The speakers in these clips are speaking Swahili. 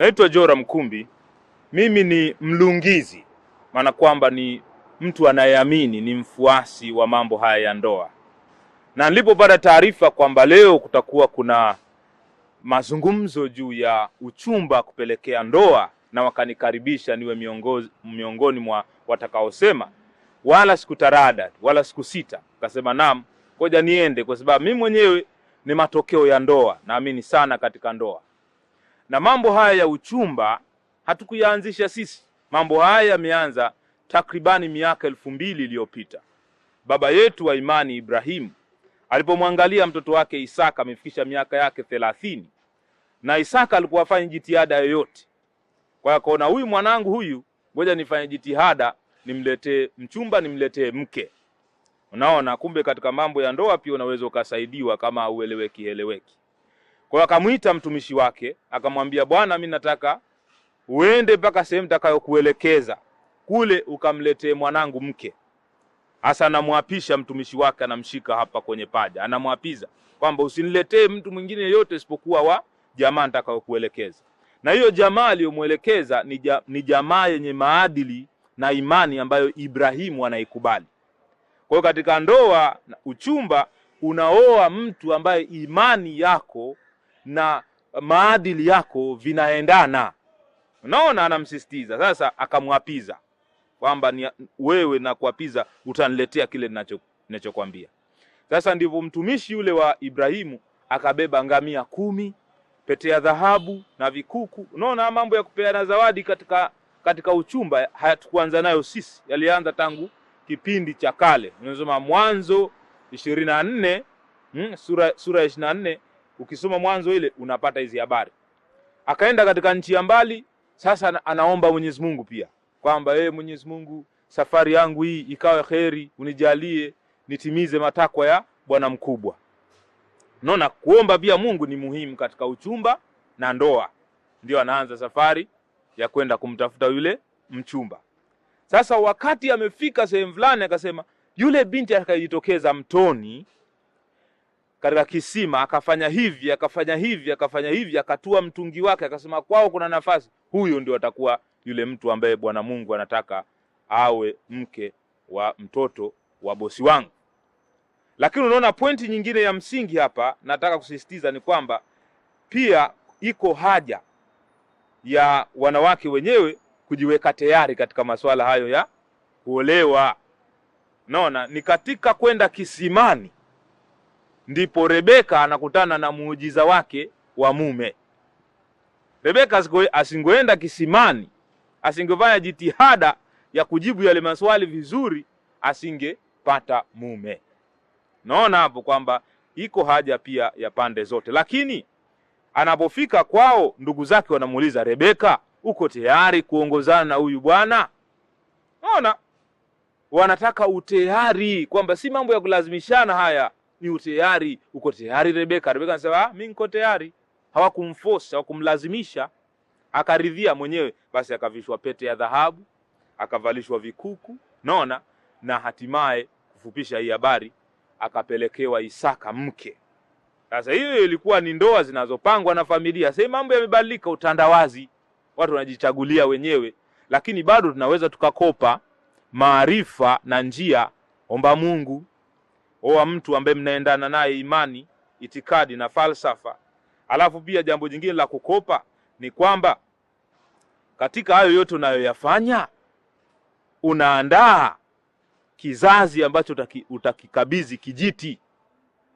Naitwa Jora Mkumbi, mimi ni mlungizi, maana kwamba ni mtu anayeamini, ni mfuasi wa mambo haya ya ndoa, na nilipopata taarifa kwamba leo kutakuwa kuna mazungumzo juu ya uchumba kupelekea ndoa, na wakanikaribisha niwe miongozi, miongoni mwa watakaosema, wala sikutarada wala sikusita, kasema naam, ngoja niende, kwa sababu mimi mwenyewe ni matokeo ya ndoa, naamini sana katika ndoa. Na mambo haya ya uchumba hatukuyaanzisha sisi, mambo haya yameanza takribani miaka elfu mbili iliyopita. Baba yetu wa imani Ibrahimu alipomwangalia mtoto wake Isaka amefikisha miaka yake thelathini na Isaka alikuwa afanye jitihada yoyote, kwa akaona huyu mwanangu huyu, ngoja nifanye jitihada nimletee mchumba, nimletee mke. Unaona, kumbe katika mambo ya ndoa pia unaweza ukasaidiwa kama haueleweki heleweki. Kwa hiyo akamwita mtumishi wake akamwambia, bwana, mimi nataka uende mpaka sehemu nitakayokuelekeza kule, ukamletee mwanangu mke. Hasa anamwapisha mtumishi wake, anamshika hapa kwenye paja, anamwapiza kwamba usiniletee mtu mwingine yote isipokuwa wa jamaa nitakayokuelekeza. Na hiyo jamaa aliyomwelekeza ni, ja, ni jamaa yenye maadili na imani ambayo Ibrahimu anaikubali. Kwa hiyo katika ndoa uchumba unaoa mtu ambaye imani yako na maadili yako vinaendana. Unaona, anamsisitiza sasa, akamwapiza kwamba wewe na kuapiza utaniletea kile ninachokwambia. Sasa ndivyo mtumishi yule wa Ibrahimu akabeba ngamia kumi, pete ya dhahabu na vikuku. Unaona, mambo ya kupeana zawadi katika katika uchumba hatukuanza nayo sisi, yalianza tangu kipindi cha kale. Unasoma Mwanzo ishirini na nne hmm, sura sura ya ishirini na nne ukisoma mwanzo ile unapata hizi habari. Akaenda katika nchi ya mbali, sasa anaomba Mwenyezi Mungu pia kwamba yeye, eh, Mwenyezi Mungu, safari yangu hii ikawe kheri, unijalie nitimize matakwa ya bwana mkubwa. Naona kuomba pia Mungu ni muhimu katika uchumba na ndoa. Ndio anaanza safari ya kwenda kumtafuta yule mchumba. Sasa wakati amefika sehemu fulani, akasema yule binti akajitokeza mtoni katika kisima, akafanya hivi akafanya hivi akafanya hivi, akatua mtungi wake, akasema kwao kuna nafasi, huyu ndio atakuwa yule mtu ambaye Bwana Mungu anataka awe mke wa mtoto wa bosi wangu. Lakini unaona pointi nyingine ya msingi hapa nataka kusisitiza ni kwamba pia iko haja ya wanawake wenyewe kujiweka tayari katika masuala hayo ya kuolewa. Naona ni katika kwenda kisimani ndipo Rebeka anakutana na muujiza wake wa mume. Rebeka asingoenda kisimani, asingefanya jitihada ya kujibu yale maswali vizuri, asingepata mume. Naona hapo kwamba iko haja pia ya pande zote, lakini anapofika kwao, ndugu zake wanamuuliza Rebeka, uko tayari kuongozana na huyu bwana? Naona wanataka utayari, kwamba si mambo ya kulazimishana haya ni utayari, uko tayari Rebeka? Rebeka anasema mimi ah, niko tayari. Hawakumforce, hawakumlazimisha, akaridhia mwenyewe. Basi akavishwa pete ya dhahabu, akavalishwa vikuku, naona na hatimaye kufupisha hii habari akapelekewa Isaka mke. Sasa hiyo ilikuwa ni ndoa zinazopangwa na familia. Sasa mambo yamebadilika, utandawazi, watu wanajichagulia wenyewe, lakini bado tunaweza tukakopa maarifa na njia. Omba Mungu oa mtu ambaye mnaendana naye imani, itikadi na falsafa. Alafu pia jambo jingine la kukopa ni kwamba katika hayo yote unayoyafanya unaandaa kizazi ambacho utakikabidhi kijiti.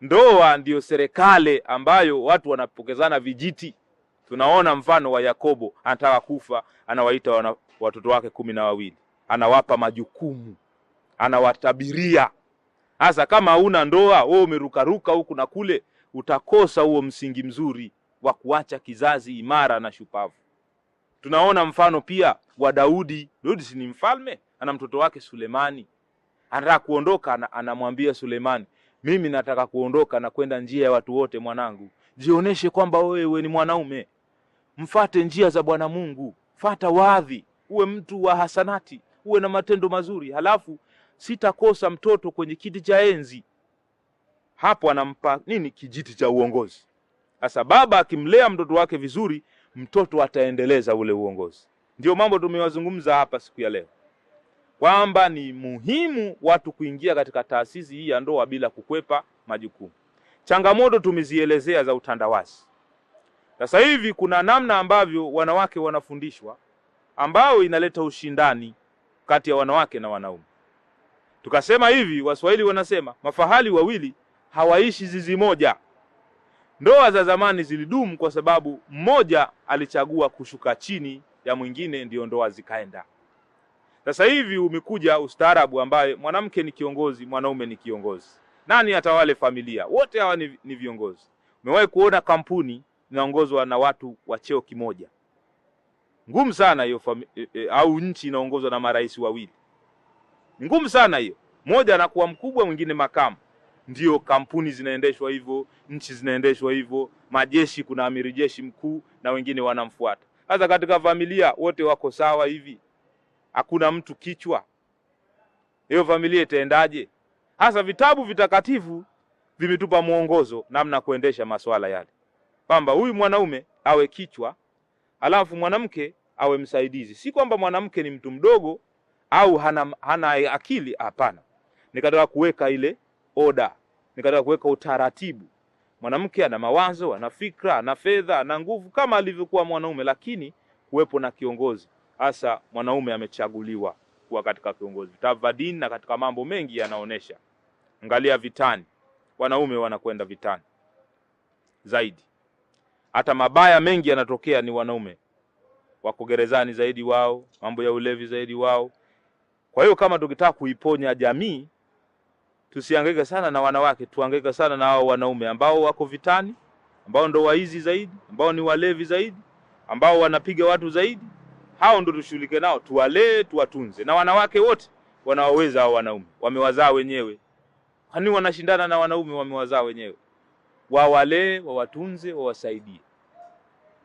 Ndoa ndiyo serikali ambayo watu wanapokezana vijiti. Tunaona mfano wa Yakobo, anataka kufa, anawaita watoto wake kumi na wawili, anawapa majukumu, anawatabiria hasa kama hauna ndoa wewe, umerukaruka huku na kule, utakosa huo msingi mzuri wa kuacha kizazi imara na shupavu. Tunaona mfano pia wa Daudi. Daudi si ni mfalme, ana mtoto wake Sulemani, anataka kuondoka, anamwambia Sulemani, mimi nataka kuondoka na kwenda njia ya watu wote. Mwanangu, jioneshe kwamba wewe ni mwanaume, mfate njia za Bwana Mungu, fata wadhi uwe mtu wa hasanati, uwe na matendo mazuri, halafu sitakosa mtoto kwenye kiti cha enzi. Hapo anampa nini? Kijiti cha uongozi. Sasa baba akimlea mtoto wake vizuri, mtoto ataendeleza ule uongozi. Ndio mambo tumewazungumza hapa siku ya leo kwamba ni muhimu watu kuingia katika taasisi hii ya ndoa bila kukwepa majukumu. Changamoto tumezielezea za utandawazi. Sasa hivi kuna namna ambavyo wanawake wanafundishwa ambayo inaleta ushindani kati ya wanawake na wanaume. Tukasema hivi, Waswahili wanasema mafahali wawili hawaishi zizi moja. Ndoa za zamani zilidumu kwa sababu mmoja alichagua kushuka chini ya mwingine, ndiyo ndoa zikaenda. Sasa hivi umekuja ustaarabu ambaye mwanamke ni kiongozi, mwanaume ni kiongozi. Nani atawale familia? Wote hawa ni, viongozi. Umewahi kuona kampuni inaongozwa na watu wa cheo kimoja? Ngumu sana hiyo, e, e, au nchi inaongozwa na marais wawili ni ngumu sana hiyo, mmoja anakuwa mkubwa, mwingine makamu. Ndio kampuni zinaendeshwa hivyo, nchi zinaendeshwa hivyo, majeshi kuna amiri jeshi mkuu na wengine wanamfuata. Sasa katika familia wote wako sawa hivi, hakuna mtu kichwa, hiyo familia itaendaje? Hasa vitabu vitakatifu vimetupa mwongozo namna kuendesha masuala yale, kwamba huyu mwanaume awe kichwa, alafu mwanamke awe msaidizi. Si kwamba mwanamke ni mtu mdogo au hana, hana akili? Hapana, nikataka kuweka ile oda, nikataka kuweka utaratibu. Mwanamke ana mawazo, ana fikra, ana fedha, ana nguvu kama alivyokuwa mwanaume, lakini kuwepo na kiongozi. Hasa mwanaume amechaguliwa kuwa katika kiongozi. Tavadin na katika mambo mengi yanaonesha, angalia vitani, wanaume wanakwenda vitani zaidi. Hata mabaya mengi yanatokea ni wanaume, wako gerezani zaidi wao, mambo ya ulevi zaidi wao. Kwa hiyo kama tukitaka kuiponya jamii, tusihangaike sana na wanawake, tuhangaike sana na hao wanaume ambao wako vitani, ambao ndo waizi zaidi, ambao ni walevi zaidi, ambao wanapiga watu zaidi. Hao ndo tushughulike nao, tuwalee, tuwatunze. Na wanawake wote wanaoweza hao wanaume wamewazaa wenyewe, kwani wanashindana na wanaume? Wamewazaa wenyewe, wawalee, wawatunze, wawasaidie.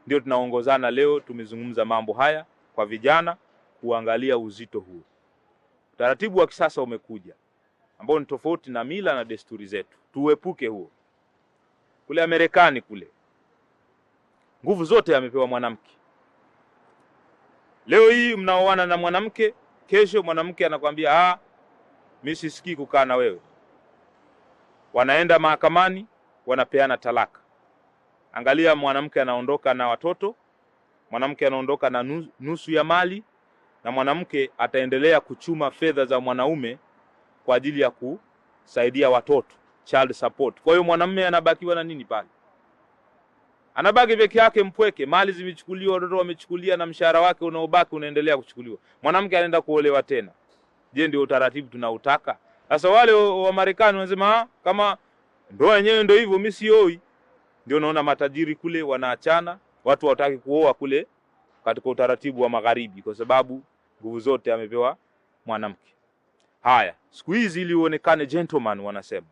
Ndio tunaongozana leo. Tumezungumza mambo haya kwa vijana kuangalia uzito huo. Utaratibu wa kisasa umekuja ambao ni tofauti na mila na desturi zetu, tuuepuke huo. Kule Amerikani kule nguvu zote amepewa mwanamke. Leo hii mnaoana na mwanamke, kesho mwanamke anakuambia ah, mimi sisikii kukaa na wewe. Wanaenda mahakamani, wanapeana talaka. Angalia, mwanamke anaondoka na watoto, mwanamke anaondoka na nusu ya mali, na mwanamke ataendelea kuchuma fedha za mwanaume kwa ajili ya kusaidia watoto, child support. Kwa hiyo mwanamume anabakiwa na nini pale? Anabaki peke yake mpweke, mali zimechukuliwa, watoto wamechukulia, na mshahara wake unaobaki unaendelea kuchukuliwa. Mwanamke anaenda kuolewa tena. Je, ndio utaratibu tunautaka? Sasa wale wa Marekani wanasema ah, kama ndoa yenyewe ndio hivyo, mimi sioi. Ndio naona matajiri kule wanaachana, watu hawataki kuoa kule katika utaratibu wa magharibi kwa sababu nguvu zote amepewa mwanamke. Haya, siku hizi ili uonekane gentleman, wanasema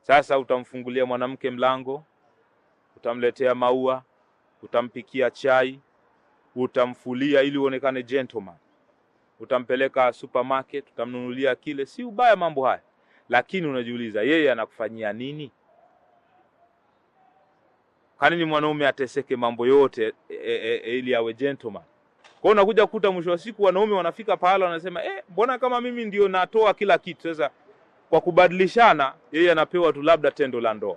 sasa, utamfungulia mwanamke mlango, utamletea maua, utampikia chai, utamfulia ili uonekane gentleman, utampeleka supermarket, utamnunulia kile. Si ubaya mambo haya, lakini unajiuliza yeye anakufanyia nini? Kwa nini mwanaume ateseke mambo yote e, e, e, e ili awe gentleman? Kwa hiyo unakuja kukuta mwisho wa siku wanaume wanafika pahala wanasema eh, mbona kama mimi ndio natoa kila kitu. Sasa kwa kubadilishana, yeye anapewa tu labda tendo la ndoa,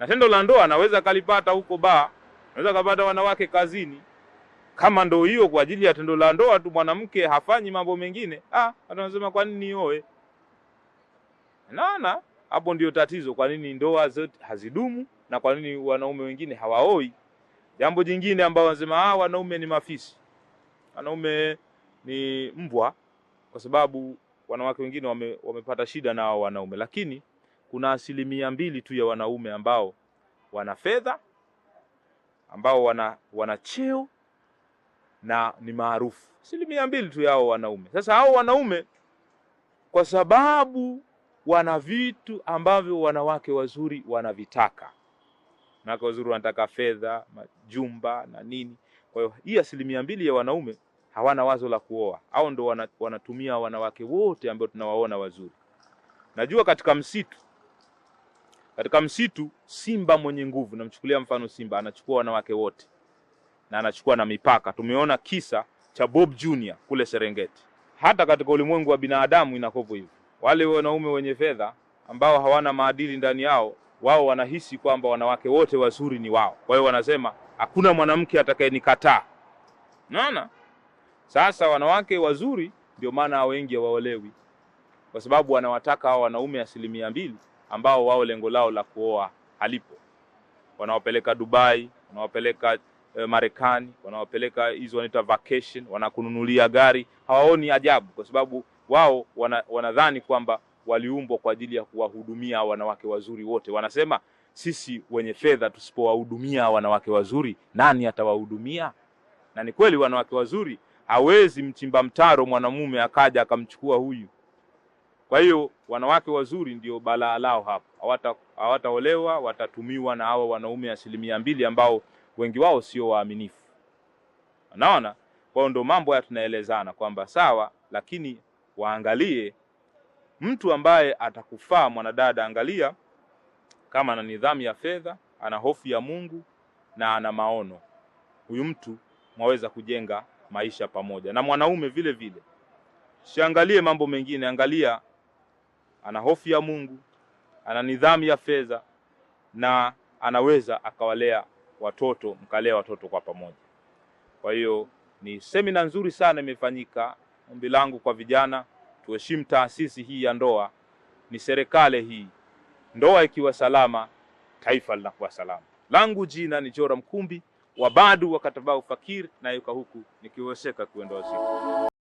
na tendo la ndoa anaweza kalipata huko ba, anaweza kapata wanawake kazini. Kama ndio hiyo kwa ajili ya tendo la ndoa tu, mwanamke hafanyi mambo mengine, ah, anasema kwa nini nioe? Naona hapo ndio tatizo. Kwa nini ndoa zote hazidumu na kwa nini wanaume wengine hawaoi? Jambo jingine ambao wanasema ah, wanaume ni mafisi wanaume ni mbwa, kwa sababu wanawake wengine wame, wamepata shida na hao wanaume, lakini kuna asilimia mbili tu ya wanaume ambao wana fedha, ambao wana wana cheo na ni maarufu, asilimia mbili tu ya wanaume. Sasa hao wanaume kwa sababu wana vitu ambavyo wanawake wazuri wanavitaka, wanawake wazuri wanataka fedha, majumba na nini. Kwa hiyo hii asilimia mbili ya wanaume hawana wazo la kuoa au ndo wanatumia wanawake wote ambao tunawaona wazuri. Najua katika msitu, katika msitu simba mwenye nguvu, namchukulia mfano simba, anachukua wanawake wote na anachukua na mipaka. Tumeona kisa cha Bob Junior kule Serengeti. Hata katika ulimwengu wa binadamu inakovu hivyo, wale wanaume wenye fedha ambao hawana maadili ndani yao, wao wanahisi kwamba wanawake wote wazuri ni wao. Kwa hiyo wanasema hakuna mwanamke atakayenikataa. Naona sasa wanawake wazuri ndio maana wengi hawaolewi, kwa sababu wanawataka hao wanaume asilimia mbili ambao wao lengo lao la kuoa halipo. Wanawapeleka Dubai, wanawapeleka eh, Marekani, wanawapeleka hizo wanaita vacation, wanakununulia gari. Hawaoni ajabu, kwa sababu wao wana, wanadhani kwamba waliumbwa kwa ajili ya kuwahudumia wanawake wazuri wote. Wanasema sisi wenye fedha tusipowahudumia wanawake wazuri, nani atawahudumia? Na ni kweli wanawake wazuri hawezi mchimba mtaro mwanamume akaja akamchukua huyu. Kwa hiyo wanawake wazuri ndio balaa lao hapo hawata hawataolewa, watatumiwa na hawa wanaume asilimia mbili ambao wengi wao sio waaminifu. Unaona, kwao ndo mambo haya tunaelezana kwamba sawa, lakini waangalie mtu ambaye atakufaa mwanadada. Angalia kama ana nidhamu ya fedha, ana hofu ya Mungu na ana maono, huyu mtu mwaweza kujenga maisha pamoja na mwanaume vile vile. Siangalie mambo mengine, angalia ana hofu ya Mungu, ana nidhamu ya fedha na anaweza akawalea watoto, mkalea watoto kwa pamoja. Kwa hiyo ni semina nzuri sana imefanyika. Ombi langu kwa vijana, tuheshimu taasisi hii ya ndoa, ni serikali hii. Ndoa ikiwa salama, taifa linakuwa salama. Langu jina ni Joram Kumbi wabadu wakatabau fakir na yuka huku nikiwezeka kuondoa siku